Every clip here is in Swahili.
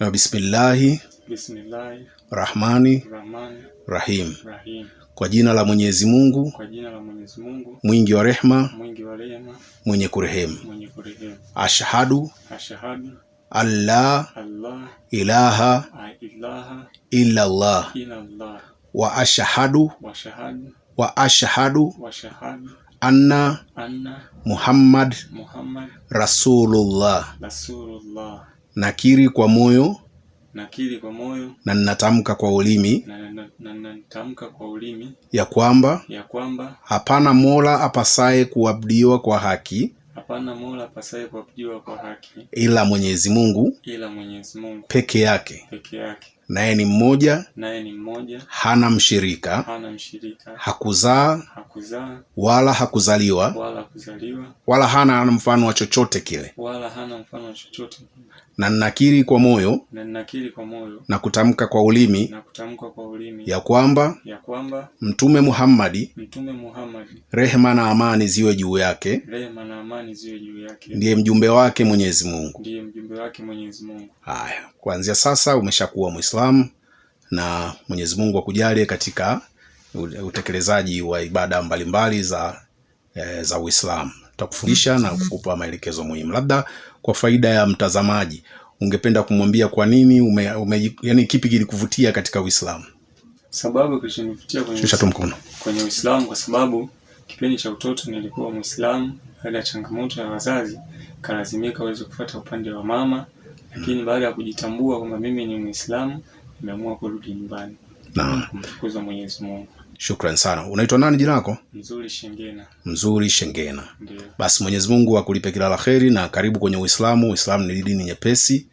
na bismillahi Bismillahi rahmani, rahmani rahim. Rahim. Kwa jina la Mwenyezi Mungu, kwa jina la Mwenyezi Mungu mwingi wa rehma, mwingi wa mwenye kurehemu, mwenye Ashhadu, ashhadu Allah ilaha, ilaha illa Allah wa ashhadu wa ashhadu anna Muhammad, Muhammad rasulullah, rasulullah nakiri kwa moyo nakiri kwa moyo na ninatamka kwa ulimi na, na, na, ninatamka kwa ulimi ya kwamba ya kwamba hapana mola apasaye kuabudiwa kwa haki hapana mola apasaye kuabudiwa kwa haki ila Mwenyezi Mungu ila Mwenyezi Mungu peke yake peke yake naye ni mmoja, naye ni mmoja, hana mshirika, hana mshirika, hakuzaa, hakuzaa wala hakuzaliwa wala, wala hana mfano wa chochote kile, wala hana mfano wa chochote kile. Na ninakiri kwa moyo na, ninakiri kwa moyo, na kutamka kwa ulimi, na kutamka kwa ulimi ya kwamba, ya kwamba Mtume Muhammad, Mtume Muhammad, rehema na amani ziwe juu yake, rehema na amani ziwe juu yake, ndiye mjumbe wake Mwenyezi Mungu, ndiye mjumbe wake Mwenyezi Mungu. Haya kuanzia sasa umeshakuwa Muislamu na Mwenyezi Mungu akujalie katika utekelezaji wa ibada mbalimbali za, e, za Uislamu. Tutakufundisha na kukupa maelekezo muhimu. Labda kwa faida ya mtazamaji, ungependa kumwambia kwa nini ume, ume, yani kipi kilikuvutia katika Uislamu? Sababu kilichonivutia kwenye, shusha kwenye Uislamu kwa sababu kipindi cha utoto nilikuwa Muislamu. Baada ya changamoto ya wazazi, kalazimika uweze kufuata upande wa mama lakini baada ya kujitambua kwamba mimi ni Muislamu nimeamua kurudi nyumbani na kumtukuza Mwenyezi Mungu. Shukran sana. Unaitwa nani jina lako? Mzuri Shengena. Mzuri Shengena. Ndiyo. Basi Mwenyezi Mungu akulipe kila la kheri na karibu kwenye Uislamu. Uislamu ni dini nyepesi,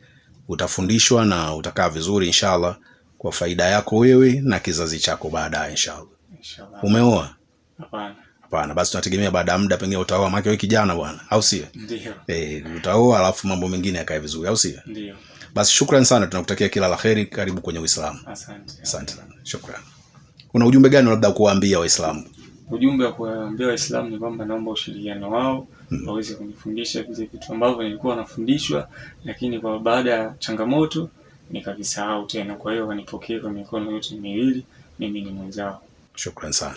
utafundishwa na utakaa vizuri inshallah kwa faida yako wewe na kizazi chako baadaye inshallah. Inshallah. Umeoa? Hapana. Hapana, basi tunategemea baada ya muda pengine utaoa, maana wewe kijana bwana, au sio? Ndio. Eh, utaoa alafu mambo mengine yakae vizuri, au sio? Ndio. Basi shukrani sana, tunakutakia kila la heri, karibu kwenye Uislamu. Asante. Asante sana. Shukrani. Una ujumbe gani labda kuwaambia Waislamu? Ujumbe wa kuwaambia Waislamu ni kwamba naomba ushirikiano wao mm. waweze kunifundisha vile vitu ambavyo nilikuwa nafundishwa, lakini kwa baada ya changamoto nikavisahau tena. Kwa hiyo wanipokee kwa mikono yote miwili, mimi ni mwenzao. Shukrani sana.